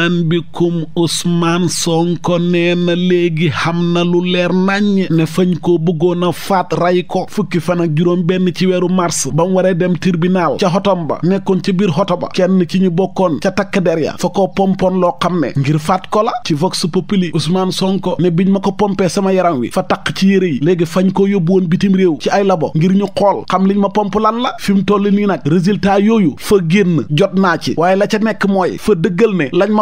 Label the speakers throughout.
Speaker 1: naan bikum Ousmane Sonko nee na léegi xam na lu leer nañ ne fañ koo bëggoon a faat ray ko fukki fan ak juróom benn ci weeru mars ba mu waree dem tribunal ca xotom ba nekkoon ca biir xoto ba kenn ci ñu bokkoon ca takk der ya fa ko pompoon loo xam ne ngir faat ko la ci vox populi Ousmane Sonko ne biñ ma ko pompee sama yaram wi fa takk ci yére yi léegi fañ ko yóbbu woon bitim réew ci ay labo ngir ñu xool xam liñ ma pomp lan la fi mu toll nii nag résultat yooyu fa génn jot naa ci waaye la ca nekk mooy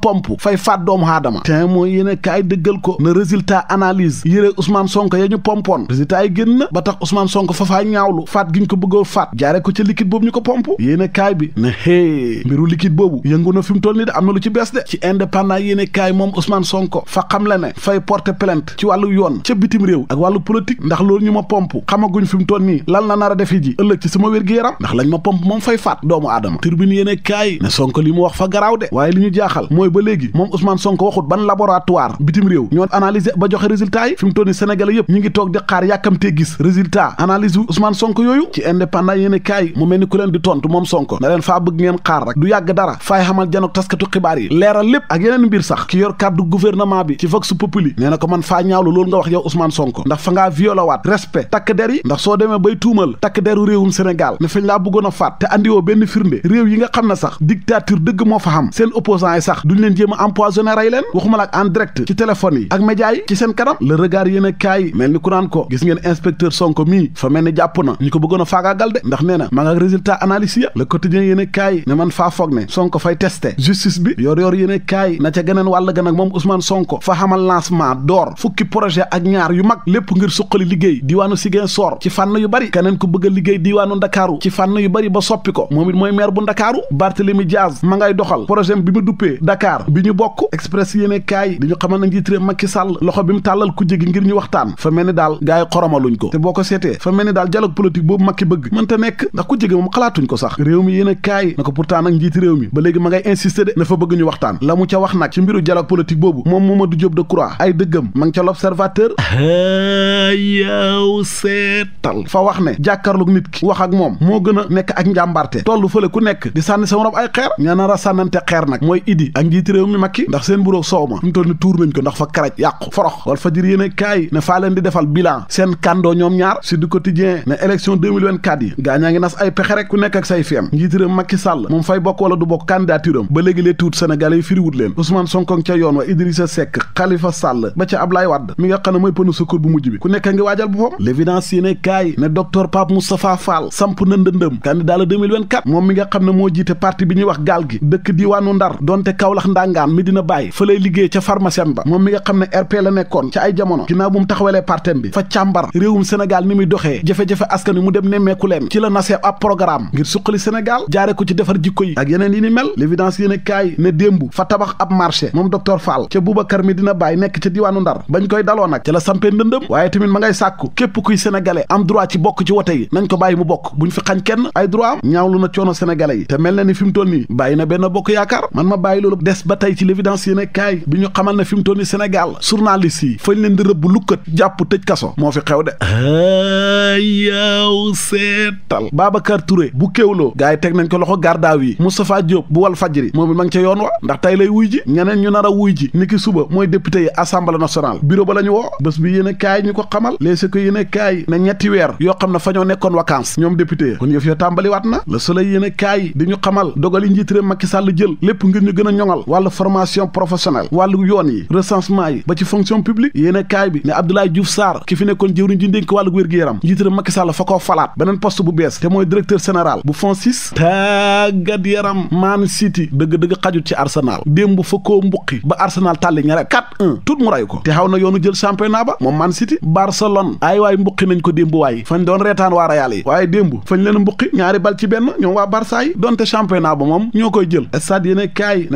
Speaker 1: pomp fay faat doomu aadama te mooy yéen a kaay dëggal ko na résultat analyse yére Ousmane Sonko ya ñu pompoon résultat yi génn na ba tax Ousmane Sonko fafaa ñaawlu faat gi ñu ko bëggoo faat jaare ko ca liquide boobu ñu ko pomp yéen a kaay bi na hee mbiru liquide boobu yëngu na fi mu toll ni de am na lu ci bees de ci indépendant yéen a kaay moom Ousmane Sonko fa xam la ne fay porter plainte ci wàllu yoon ca bitim réew ak wàllu politique ndax loolu ñu ma pomp xamaguñ fi mu toll nii lan la nar a defi ji ci sama wér-gi-yaram ndax lañ ma pomp moom fay faat doomu aadama turbine yéen a kaay ne li mu wax fa garaaw boobu ba léegi moom Ousmane Sonko waxut ban laboratoire bitim réew ñoo analyser ba joxe résultat yi fi mu toll ni sénégalais yëpp ngi toog di xaar yàkkamtee gis résultat analyse yu Ousmane Sonko yooyu ci indépendant yéene mu mel ku leen di tontu moom Sonko na leen faa bëgg ngeen xaar rek du yàgg dara faay xamal janok taskatu xibaar yi leeral lépp ak yeneen mbir sax ki yor kàddu gouvernement bi ci vox populi nee na ko man faa ñaawlu loolu nga wax di leen jéem a empoisonné leen waxuma ak en direct ci téléphone yi ak média ci seen kanam le regard yéen a kaay mel ni ku naan ko gis ngeen inspecteur Sonko mii fa mel ni jàpp na ñu ko bëggoon a faagaagal de ndax nee na maa nga ya le quotidien yéen kaay ne man faa foog ne Sonko fay testé justice bi yor yor kaay na ca geneen wàll ga moom Ousmane Sonko fa xamal lancement door fukki projet ak ñaar yu mag lépp ngir suqali liggéey yaakaar bi ñu bokk express yéene kaay di ñu xamal na njiit réew Macky Sall loxo bi mu tàllal ku jigi ngir ñu waxtaan fa mel ni daal gaay xoromaluñ ko te boo ko seetee fa mel ni daal dialogue politique boobu Macky bëgg mënta nekk ndax ku jigi moom xalaatuñ ko sax réew mi yéene kaay na ko pourtant nag réew mi ba léegi ma ngay insister de na fa bëgg ñu waxtaan la ca wax nag ci mbiru dialogue politique boobu moom Mamadou Diop Decroix ma ngi ca l'observateur yow ak moom moo gën a nekk ak njàmbarte tollu sa moroom ay xeer ña nar a sànnante xeer nag mooy njiiti mi Macky ndax seen bureau soow ma fu mu tuur nañ ko ndax fa karaj yàqu forox wal fajir yéene kaay ne faa di defal bilan seen kàndoo ñoom ñaar si du quotidien ne élection 2024 yi gaa ngi nas ay pexe rek ku nekk ak say fiem njiiti réew Macky moom fay bokk wala du bokk candidature ba léegi lee tuut yi firiwut leen Ousmane Sonko ca yoon wa Idrissa Seck Khalifa Sall ba ca Ablaye Wade mi nga xam ne mooy pënu secours ndàngaan mi dina bàyyi fa lay liggéey ca pharmacien ba moom mi nga xam ne RP la nekkoon ca ay jamono ginnaaw bu mu taxawalee bi fa càmbar réewum Sénégal ni muy doxee jafe-jafe askan mu dem nemmeeku leen ci la nasee ab programme ngir suqali Sénégal jaare ko ci defar jikko yi ak yeneen yi ni mel l'évidence yéen kaay ne démb fa tabax ab marché moom docteur Fall ca Boubacar mi dina bàyyi nekk ca diwaanu Ndar bañ koy daloo nag ca la sampee ndëndëm waaye tamit ma ngay kuy sénégalais am droit ci bokk ci wote bokk buñ fi xañ kenn ay droit am ñaawlu na coono sénégalais na fi mu toll nii na benn bokk yaakaar ba tey ci l'évidence yéen a kaay bi ñu xamal na fi mu toll ni Sénégal journaliste yi fañ leen di rëbb lukkat jàpp tëj kaso moo fi xew de ayaw seetal Babacar Touré bu kéwloo gars yi teg nañ ko loxo gardaaw yi Moustapha Diop bu wal fajri moom it ma ca yoon wa ndax tey lay wuy ji ñeneen ñu nar a wuy ji niki suba mooy député yi assemblée nationale bureau ba la ñu woo bés bi yéen kaay ñu ko xamal léegi ko yéen kaay ne ñetti weer yoo xam ne fa ñoo nekkoon vacances ñoom député kon yëf na Le Soleil yéen a kaay di ñu xamal dogal yi njiit réew Macky Sall jël lépp ngir ñu gën a ñoŋal wàllu formation professionnelle wàll yoon yi recensement yi ba ci fonction publique yéene kaay bi ne Abdoulaye Diouf Sarr ki fi nekkoon jëwriñ ji ndénk wàllu wér-gu-yaram njiitara Macky Sall fa koo falaat beneen poste bu bees te mooy directeur général bu FONSIS tàggat yaram Man City dëgg-dëgg xajut ci Arsenal démb fa koo mbuqi ba Arsenal tàlli ña rek 4-1 tout mu ray ko te xaw na yoonu jël championnat ba moom Man City Barcelone ay waay mbuqi nañ ko démb waay fañ doon reetaan waa Real yi waaye démb fañ leen mbuqi ñaari bal ci benn ñoom waa Barça yi donte championnat ba moom ñoo koy jël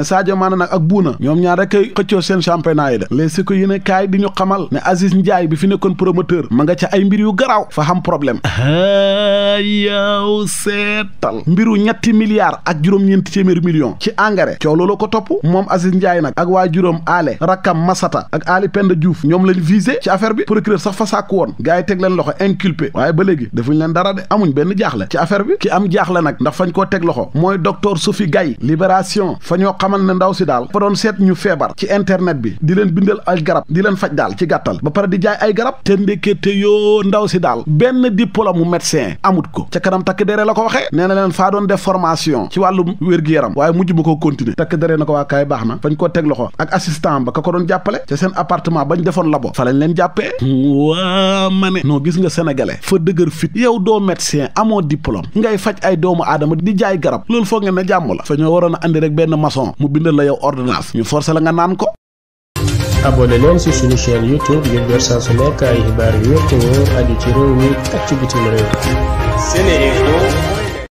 Speaker 1: stade Mané nag ak Bouna ñoom ñaar rek ay xëccoo seen championnat yi de les si ko yéene kaay di ñu xamal ne Aziz Ndiaye bi fi nekkoon promoteur ma nga ca ay mbir garaaw fa xam problème yaw seetal mbiru ñetti milliards ak juróom-ñeenti téeméeri millions ci engrais coow ko topp moom Aziz Ndiaye nag ak waa juróom aale rakkam Masata ak Ali Penda Diouf ñoom lañ vise ci affaire bi procureur sax fa sàkku woon gars yi teg leen loxo inculpé waaye ba léegi defuñ leen dara de amuñ benn jaaxle ci affaire bi ki am jaaxle nag ndax fañ koo teg ndaw si daal fa doon seet ñu feebar ci internet bi di leen bindal ay garab di leen faj daal ci gàttal ba pare di jaay ay garab te ndekete yoo ndaw si daal benn diplôme mu médecin amut ko ca kanam takk dere la ko waxee nee na leen faa doon def formation ci wàllum wér-gu-yaram waaye mujj ba ko continuer takk dere na ko waa kaay baax na fañ koo teg loxo ak assistant ba ka ko doon jàppale ca seen appartement bañ defoon labo fa lañ leen jàppee waa ma ne non gis nga sénégalais fa dëgër fit yow doo médecin amoo diplôme ngay faj ay doomu aadama di jaay garab loolu foog ngeen ne jàmm la fa ñoo benn maçon mu bindal la yow ordonnance ñu forcé la nga naan ko abonné leen ci suñu chaîne youtube ngir jot saa su nekk ay xibaar yu wér te wóor aju ci réew mi ak ci bitim réew